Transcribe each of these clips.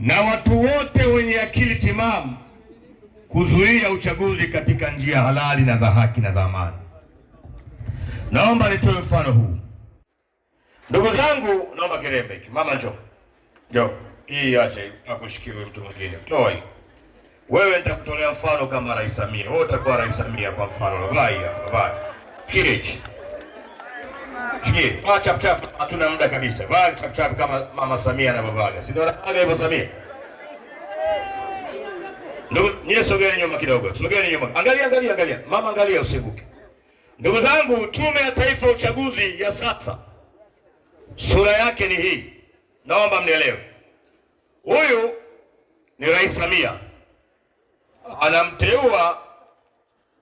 na watu wote wenye akili timamu kuzuia uchaguzi katika njia halali na za haki na za amani. Naomba nitoe mfano huu, ndugu zangu. Naomba kirembe mama, njo njo, hii ache akushikiwe mtu mwingine, toa Wewe nitakutolea mfano kama Rais Samia, wewe utakuwa Rais Samia kwa mfano, vai vai kirechi Je, Hatuna muda kabisa. Vaa kama mama Samia si ndio? hivyo Samia. Ndugu, nyie nyuma kidogo, nyuma. Angalia, angalia, angalia mama, angalia Ndugu zangu, Tume ya Taifa ya Uchaguzi ya sasa sura yake ni hii, naomba mnielewe. Huyu ni Rais Samia anamteua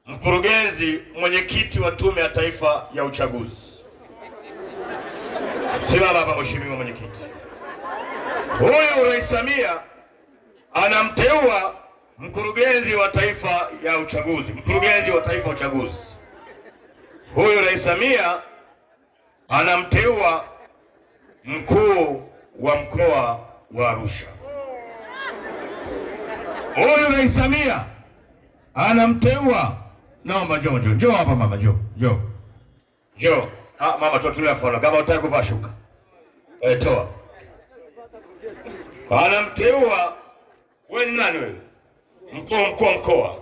mkurugenzi, mwenyekiti wa Tume ya Taifa ya Uchaguzi. Simama hapa mheshimiwa mwenyekiti. Huyu Rais Samia anamteua mkurugenzi wa taifa ya uchaguzi, mkurugenzi wa taifa ya uchaguzi. Huyu Rais Samia anamteua mkuu wa mkoa wa Arusha. Huyu Rais Samia anamteua, naomba njoo, njoo, njoo hapa mama, njoo, njoo, njoo Ah, mama tutatoa fora kama utaki kuvaa shuka. Eh, toa. Anamteua wewe ni nani wewe? Mkuu mkuu mkoa.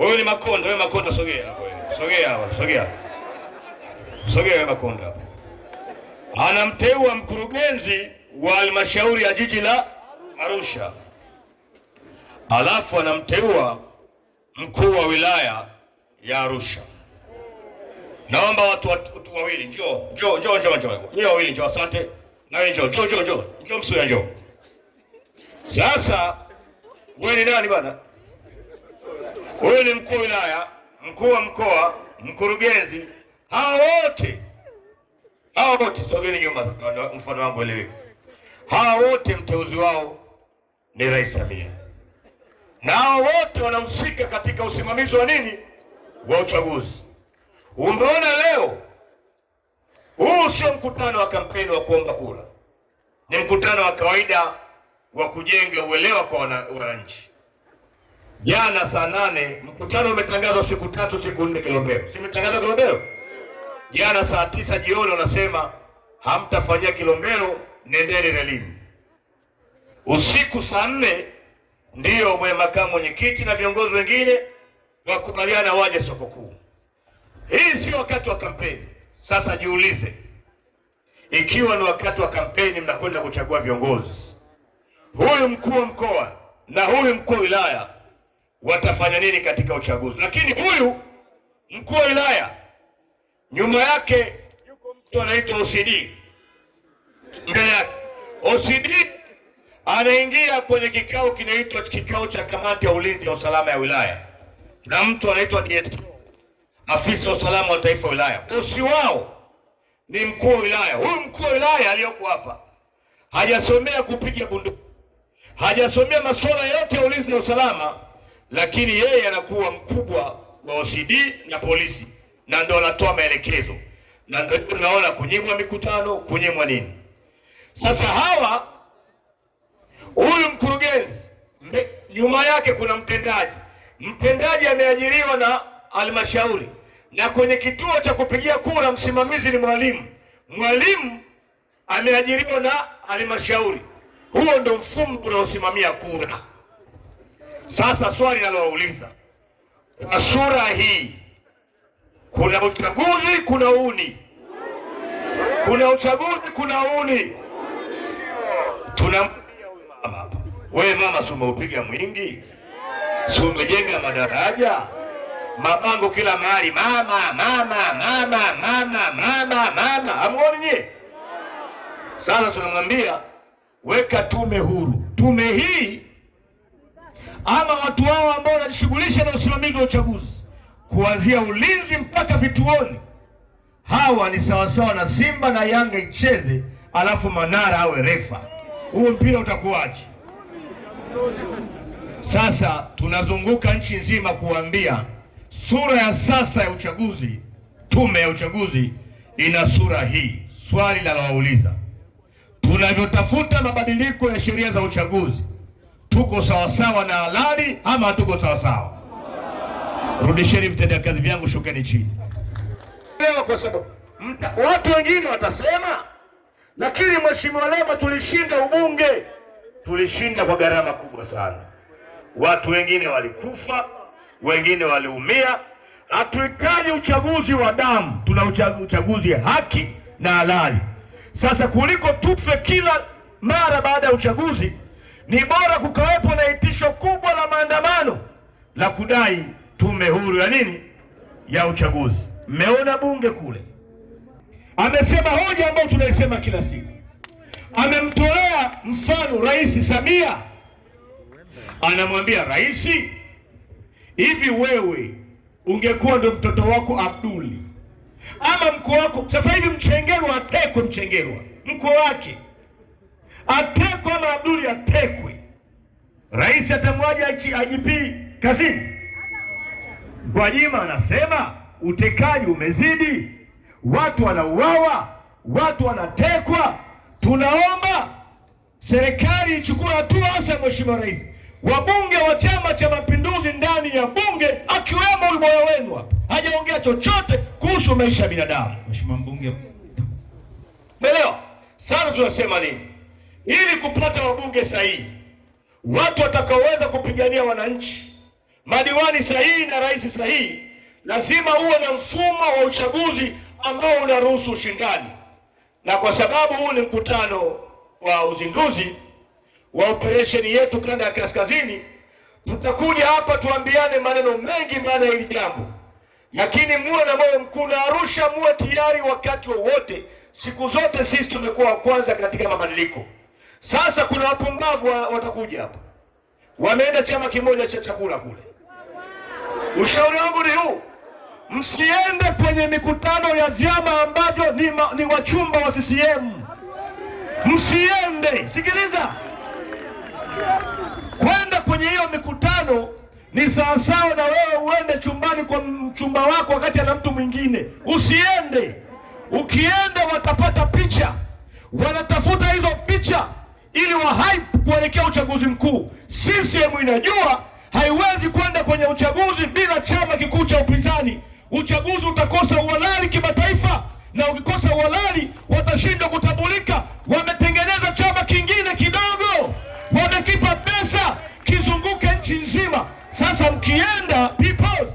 Wewe ni Makonda, wewe Makonda sogea hapo wewe. Sogea hapo, sogea. Sogea wewe Makonda hapo. Anamteua mkurugenzi wa halmashauri ya jiji la Arusha. Alafu anamteua mkuu wa wilaya ya Arusha. Naomba watu wawili, njoo njoo njoo njoo njoo, nyewe wawili njoo, asante. Na wewe njoo njoo njoo njoo, njoo msuya njoo. Sasa wewe ni nani bana? Wewe ni mkuu wilaya, mkuu wa mkoa, mkurugenzi, hao wote hao wote, sogeni nyuma, mfano wangu elewe. Hao wote mteuzi wao ni Rais Samia, na hao wote wanahusika katika usimamizi wa nini, wa uchaguzi. Umeona leo huu sio mkutano wa kampeni wa kuomba kura, ni mkutano wa kawaida wa kujenga uelewa kwa wananchi. Jana saa nane mkutano umetangazwa siku tatu siku nne Kilombero, si umetangazwa Kilombero jana saa tisa jioni, wanasema hamtafanyia Kilombero, nendeni Relini. Usiku saa nne ndiyo mwe makamu mwenyekiti na viongozi wengine wakubaliana waje soko kuu. Hii sio wakati wa kampeni. Sasa jiulize, ikiwa ni wakati wa kampeni, mnakwenda kuchagua viongozi, huyu mkuu wa mkoa na huyu mkuu wa wilaya watafanya nini katika uchaguzi? Lakini huyu mkuu wa wilaya nyuma yake yuko mtu anaitwa OCD, mbele yake OCD anaingia kwenye kikao kinaitwa kikao cha kamati ya ulinzi ya usalama ya wilaya, na mtu anaitwa DSO afisa usalama wa taifa wa wilaya, bosi wao ni mkuu wa wilaya. Huyu mkuu wa wilaya aliyoko hapa hajasomea kupiga bunduki, hajasomea masuala yote ya ulinzi na usalama, lakini yeye anakuwa mkubwa wa OCD na polisi, na ndo anatoa maelekezo, na ndo tunaona kunyimwa mikutano, kunyimwa nini. Sasa hawa, huyu mkurugenzi, nyuma yake kuna mtendaji, mtendaji ameajiriwa na almashauri, na kwenye kituo cha kupigia kura msimamizi ni mwalimu. Mwalimu ameajiriwa na halmashauri. Huo ndo mfumo unaosimamia kura. Sasa swali nalowauliza kwa sura hii, kuna uchaguzi, kuna uni, kuna uchaguzi, kuna uni. Tuna wewe mama, si umeupiga mwingi, si umejenga madaraja mabango kila mahali, mama mama mama mama mama mama, hamuoni nyie? Sasa tunamwambia weka tume huru, tume hii ama watu wao ambao wanajishughulisha na usimamizi wa uchaguzi kuanzia ulinzi mpaka vituoni. Hawa ni sawasawa na Simba na Yanga icheze, alafu Manara awe refa, huo mpira utakuwaje? Sasa tunazunguka nchi nzima kuambia Sura ya sasa ya uchaguzi, tume ya uchaguzi ina sura hii. Swali linalowauliza tunavyotafuta mabadiliko ya sheria za uchaguzi, tuko sawasawa na halali ama hatuko sawasawa? Rudisheni vitendea kazi vyangu, shukeni chini. Leo kwa sababu watu wengine watasema, lakini mheshimiwa Lema, tulishinda ubunge, tulishinda kwa gharama kubwa sana, watu wengine walikufa wengine waliumia. Hatuhitaji uchaguzi wa damu, tuna uchaguzi haki na halali. Sasa kuliko tufe kila mara baada ya uchaguzi, ni bora kukawepo na itisho kubwa la maandamano la kudai tume huru ya nini ya uchaguzi. Mmeona bunge kule amesema hoja ambayo tunaisema kila siku. Amemtolea mfano Rais Samia, anamwambia rais Hivi wewe ungekuwa ndo mtoto wako Abduli ama mko wako sasa hivi Mchengerwa atekwe, Mchengerwa mko wake atekwe, ama Abduli atekwe, rais atamwaja ajipii kazini. Gwajima anasema utekaji umezidi, watu wanauawa, watu wanatekwa. Tunaomba serikali ichukue hatua hasa, Mheshimiwa Rais wabunge wa Chama cha Mapinduzi ndani ya bunge akiwemo uliboya wenu hapa hajaongea chochote kuhusu maisha ya binadamu. Mheshimiwa mbunge, umeelewa? Sasa tunasema nini ili kupata wabunge sahihi, watu watakaoweza kupigania wananchi, madiwani sahihi na rais sahihi? Lazima uwe na mfumo wa uchaguzi ambao unaruhusu ushindani, na kwa sababu huu ni mkutano wa uzinduzi wa operesheni yetu kanda ya kaskazini, tutakuja hapa tuambiane maneno mengi maana hili jambo, lakini muwe na moyo mkuu na Arusha muwe tayari wakati wowote siku zote sisi tumekuwa wa kwanza katika mabadiliko. Sasa kuna wapumbavu watakuja hapa, wameenda chama kimoja cha chakula kule. Ushauri wangu ni huu, msiende kwenye mikutano ya vyama ambavyo ni, ni wachumba wa CCM, msiende. Sikiliza kwenye hiyo mikutano ni sawasawa na wewe uende chumbani kwa mchumba wako wakati ana mtu mwingine, usiende. Ukienda watapata picha, wanatafuta hizo picha ili hype kuelekea uchaguzi mkuu. CCM inajua haiwezi kwenda kwenye uchaguzi bila chama kikuu cha upinzani. Uchaguzi utakosa uhalali kimataifa, na ukikosa uhalali watashindwa kutambulika wame Sasa mkienda peoples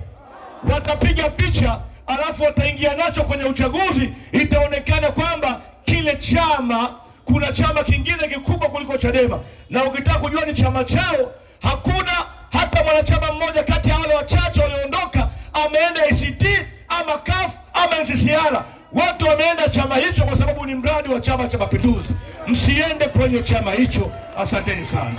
watapiga picha, alafu wataingia nacho kwenye uchaguzi, itaonekana kwamba kile chama kuna chama kingine kikubwa kuliko Chadema, na ukitaka kujua ni chama chao, hakuna hata mwanachama mmoja kati ya wale wachache walioondoka ameenda ACT ama CUF ama NCCR. Watu wameenda chama hicho kwa sababu ni mradi wa Chama cha Mapinduzi. Msiende kwenye chama hicho. Asanteni sana.